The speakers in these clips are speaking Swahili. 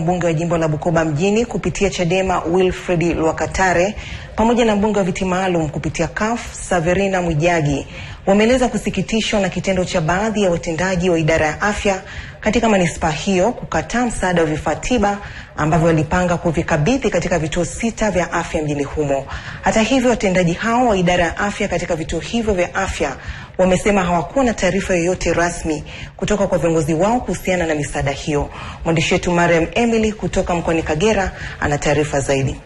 Mbunge wa jimbo la Bukoba mjini kupitia Chadema Wilfred Lwakatare pamoja na mbunge wa viti maalum kupitia CUF Saverina Mwijagi wameeleza kusikitishwa na kitendo cha baadhi ya watendaji wa idara ya afya katika manispaa hiyo kukataa msaada wa vifaa tiba ambavyo walipanga kuvikabidhi katika vituo sita vya afya mjini humo. Hata hivyo, watendaji hao wa idara ya afya katika vituo hivyo vya afya wamesema hawakuwa na taarifa yoyote rasmi kutoka kwa viongozi wao kuhusiana na misaada hiyo. Mwandishi wetu Mariam Emily kutoka mkoani Kagera ana taarifa zaidi.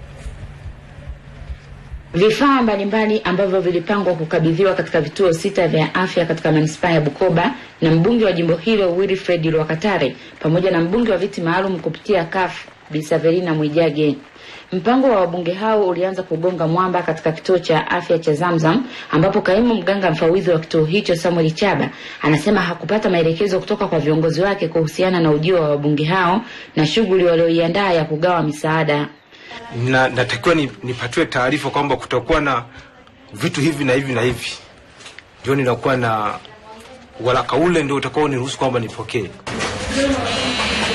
Vifaa mbalimbali ambavyo vilipangwa kukabidhiwa katika vituo sita vya afya katika manispaa ya Bukoba na mbunge wa jimbo hilo Wilfred Lwakatare pamoja na mbunge wa viti maalum kupitia CUF Bi Saverina Mwijage. Mpango wa wabunge hao ulianza kugonga mwamba katika kituo cha afya cha Zamzam ambapo kaimu mganga mfawidhi wa kituo hicho Samuel Chaba anasema hakupata maelekezo kutoka kwa viongozi wake kuhusiana na ujio wa wabunge hao na shughuli walioiandaa ya kugawa misaada. Na, natakiwa nipatiwe taarifa kwamba kutakuwa na vitu hivi na hivi na hivi, ndio ninakuwa na waraka ule ndio utakao niruhusu kwamba nipokee,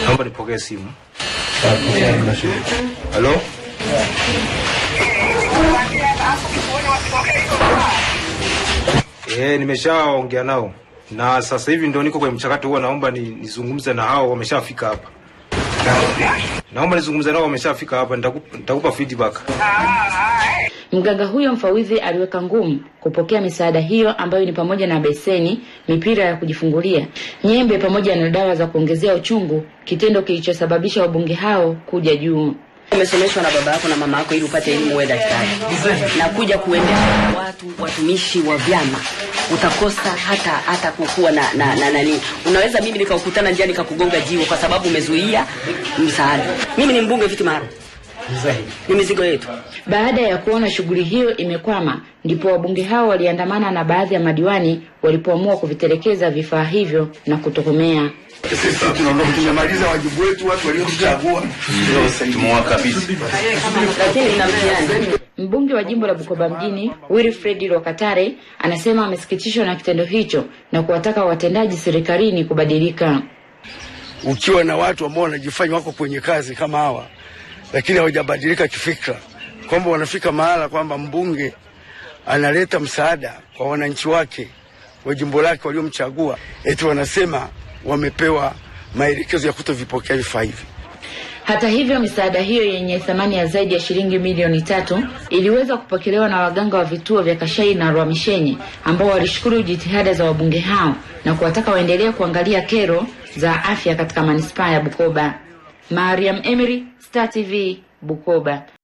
naomba nipokee simu Halo? Eh, nimeshaongea nao na sasa hivi ndio niko kwenye mchakato huo, naomba nizungumze na hao, wameshafika hapa. Naomba nizungumze nao, wameshafika hapa, nitakupa feedback. Mganga huyo mfawidhi aliweka ngumu kupokea misaada hiyo ambayo ni pamoja na beseni, mipira ya kujifungulia, nyembe pamoja na dawa za kuongezea uchungu, kitendo kilichosababisha wabunge hao kuja juu. Umesomeshwa na baba yako na mama yako ili upate elimu wewe daktari, na kuja kuendea watu watumishi wa vyama utakosa hata hata kukuwa na na, na nani. Unaweza mimi nikakutana njia nikakugonga jiwe kwa sababu umezuia msaada. Mimi ni mbunge viti maalum ni mizigo yetu. Baada ya kuona shughuli hiyo imekwama, ndipo wabunge hao waliandamana na baadhi ya madiwani walipoamua kuvitelekeza vifaa hivyo na kutokomea. Sisi tunaondoka, tumemaliza wajibu wetu, watu Mbunge wa jimbo la Bukoba mjini Wilfred Lwakatare anasema amesikitishwa na kitendo hicho na kuwataka watendaji serikalini kubadilika. Ukiwa na watu ambao wanajifanya wako kwenye kazi kama hawa lakini hawajabadilika kifikra, kwamba wanafika mahala kwamba mbunge analeta msaada kwa wananchi wake wa jimbo lake waliomchagua, eti wanasema wamepewa maelekezo ya kutovipokea vifaa hivi. Hata hivyo misaada hiyo yenye thamani ya zaidi ya shilingi milioni tatu iliweza kupokelewa na waganga wa vituo vya Kashai na Rwamishenye ambao walishukuru jitihada za wabunge hao na kuwataka waendelee kuangalia kero za afya katika manispaa ya Bukoba. Mariam Emery, Star TV, Bukoba.